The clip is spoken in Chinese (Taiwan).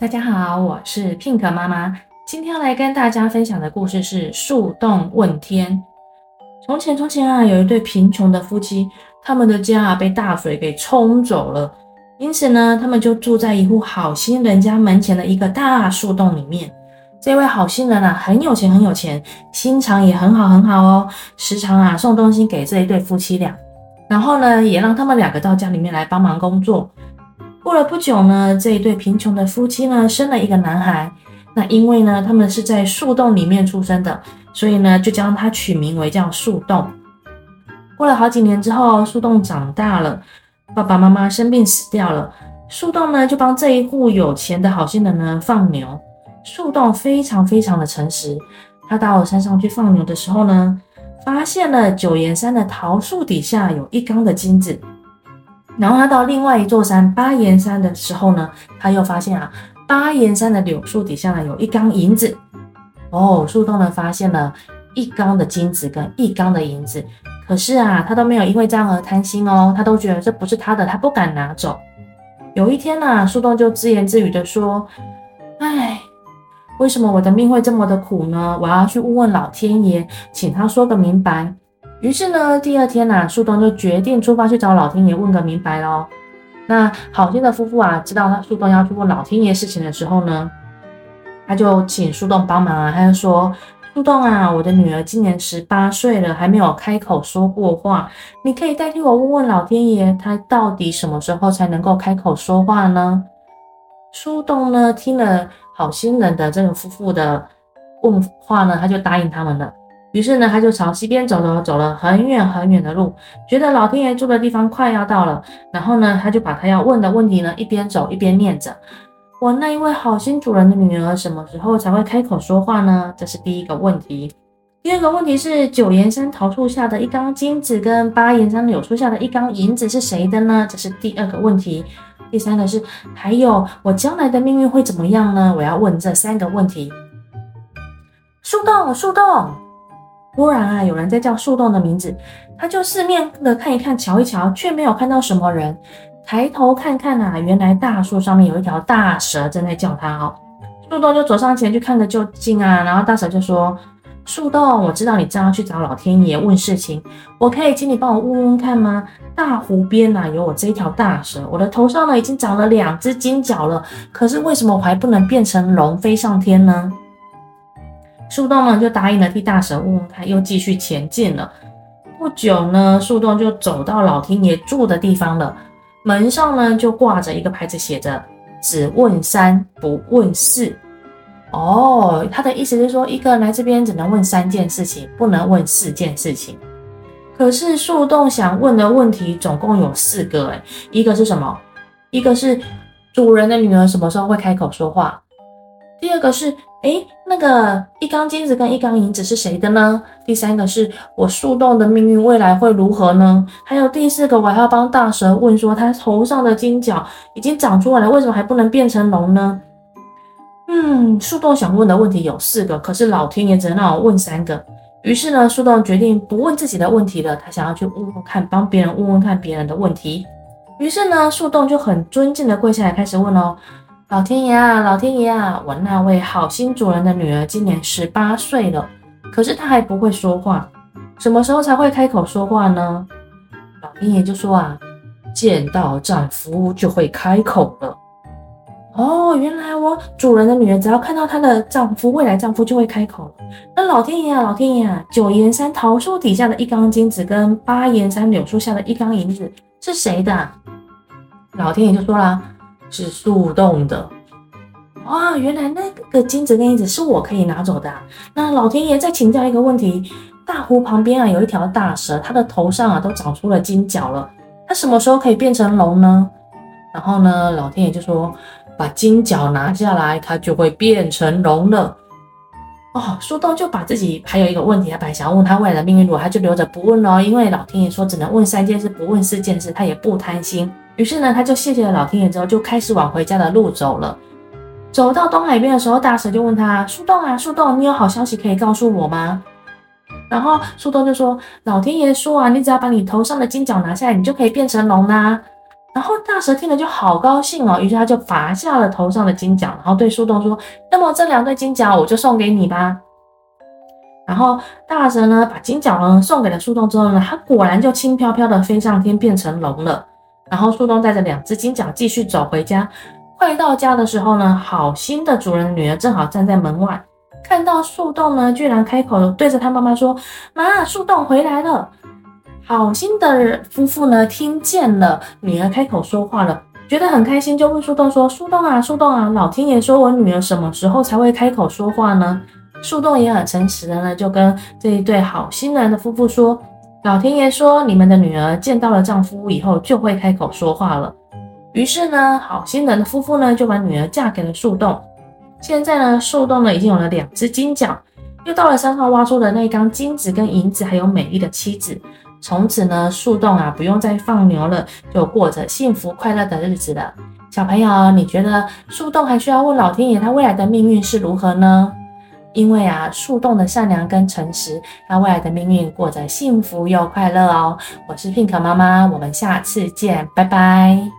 大家好，我是 Pink 媽媽。今天要來跟大家分享的故事是《樹洞問天》。從前，從前啊，有一對貧窮的夫妻，他們的家啊被大水給沖走了，因此呢，他們就住在一戶好心人家門前的一個大樹洞裡面。這位好心人啊，很有錢，很有錢，心腸也很好，很好哦。時常啊送東西給這一對夫妻倆，然後呢，也讓他們兩個到家裡面來幫忙工作。過了不久呢，這一對貧窮的夫妻呢，生了一個男孩。那因為呢，他們是在樹洞裡面出生的，所以呢，就將他取名為叫樹洞。過了好幾年之後，樹洞長大了，爸爸媽媽生病死掉了。樹洞呢，就幫這一戶有錢的好心人呢放牛。樹洞非常非常的誠實。他到我山上去放牛的時候呢，發現了九岩山的桃樹底下有一缸的金子。然後他到另外一座山八岩山的時候呢，他又發現啊，八岩山的柳樹底下呢有一缸銀子，哦，樹洞呢發現了一缸的金子跟一缸的銀子，可是啊，他都沒有因為這樣而貪心哦，他都覺得這不是他的，他不敢拿走。有一天啊，樹洞就自言自語地說：“哎，為什麼我的命會這麼的苦呢？我要去問問老天爺，請他說個明白。”於是呢，第二天吶、啊，樹洞就決定出發去找老天爺問個明白嘍。那好心的夫婦啊，知道他樹洞要去問老天爺事情的時候呢，他就請樹洞幫忙啊，他就說：“樹洞啊，我的女兒今年十八歲了，還沒有開口說過話，你可以代替我問問老天爺，她到底什麼時候才能夠開口說話呢？”樹洞呢，聽了好心人的這個夫婦的問話呢，他就答應他們了。於是呢，他就朝西邊走了，走了很遠很遠的路，覺得老天爺住的地方快要到了。然後呢，他就把他要問的問題呢，一邊走一邊念着：“我那一位好心主人的女兒什麼時候才會開口說話呢？”這是第一個問題。第二個問題是：九岩山桃樹下的一缸金子跟八岩山柳樹下的一缸銀子是誰的呢？這是第二個問題。第三個是：還有我將來的命運會怎麼樣呢？我要問這三個問題。樹洞，樹洞。突然啊，有人在叫樹洞的名字，他就四面的看一看，瞧一瞧，卻沒有看到什麼人。抬頭看看吶、啊，原來大樹上面有一條大蛇正在叫他哦。樹洞就走上前去看個究竟啊，然後大蛇就說：“樹洞，我知道你正要去找老天爺問事情，我可以請你幫我問問看嗎？大湖邊吶、啊，有我這一條大蛇，我的頭上呢已經長了兩只金角了，可是為什麼我還不能變成龍飛上天呢？”樹洞呢就答應了替大嬸問問看，他又繼續前進了。不久呢，樹洞就走到老天爺住的地方了。門上呢就掛着一個牌子，寫着“只問三不問四”。哦，他的意思是說，一個人來這邊只能問三件事情，不能問四件事情。可是樹洞想問的問題總共有四個，誒，一個是什麼？一個是主人的女兒什麼時候會開口說話。第二個是。誒，那個一缸金子跟一缸銀子是誰的呢？第三個是我樹洞的命運，未來會如何呢？還有第四個，我還要幫大蛇問說，他頭上的金角已經長出來了，為什麼還不能變成龍呢？嗯，樹洞想問的問題有四個，可是老天爺只能讓我問三個，於是呢，樹洞決定不問自己的問題了，他想要去問問看，幫別人問問看別人的問題。於是呢，樹洞就很尊敬的跪下來，開始問哦。老天爺啊，老天爺啊！我那位好心主人的女兒今年十八歲了，可是她還不會說話，什麼時候才會開口說話呢？老天爺就說啊，見到丈夫就會開口了。哦，原來我主人的女兒只要看到她的丈夫，未來丈夫就會開口。那老天爺啊，老天爺啊！九岩山桃樹底下的一缸金子跟八岩山柳樹下的一缸銀子是誰的？老天爺就說啦。是樹洞的，哇、哦！原來那個金子跟銀子是我可以拿走的、啊。那老天爺再請教一個問題：大湖旁邊啊，有一條大蛇，它的頭上啊都長出了金角了，它什麼時候可以變成龍呢？然後呢，老天爺就說，把金角拿下來，它就會變成龍了。哦，樹洞就把自己還有一個問題啊，本想要問他未來的命運如何，他就留着不問咯，因為老天爺說只能問三件事，不問四件事，他也不貪心。於是呢，他就謝謝了老天爺，之後就開始往回家的路走了。走到東海邊的時候，大蛇就問他樹洞啊，樹洞，你有好消息可以告訴我嗎？然後樹洞就說：“老天爺說啊，你只要把你頭上的金角拿下來，你就可以變成龍啦、啊。”然後大蛇聽了就好高興哦、喔，於是他就拔下了頭上的金角，然後對樹洞說：“那麼這兩對金角我就送給你吧。”然後大蛇呢，把金角呢送給了樹洞之後呢，他果然就輕飄飄的飛上天，變成龍了。然後樹洞帶着兩隻金角繼續走回家。快到家的時候呢，好心的主人女兒正好站在門外，看到樹洞呢，居然開口對着他媽媽說：“媽，樹洞回來了。”好心的夫婦呢，聽見了女兒開口說話了，覺得很開心，就問樹洞說：“樹洞啊，樹洞啊，老天爺說我女兒什麼時候才會開口說話呢？”樹洞也很誠實的呢，就跟這一對好心人的夫婦說。老天爺說，你們的女兒見到了丈夫以後，就會開口說話了。於是呢，好心人的夫婦呢，就把女兒嫁給了樹洞。現在呢，樹洞呢，已經有了兩隻金角，又到了山上挖出的那一缸金子跟銀子，還有美麗的妻子。從此呢，樹洞啊，不用再放牛了，就過着幸福快樂的日子了。小朋友，你覺得樹洞還需要問老天爺他未來的命運是如何呢？因為啊，樹洞的善良跟誠實，讓未來的命運過得幸福又快樂哦。我是 Pink 媽媽，我們下次見，拜拜。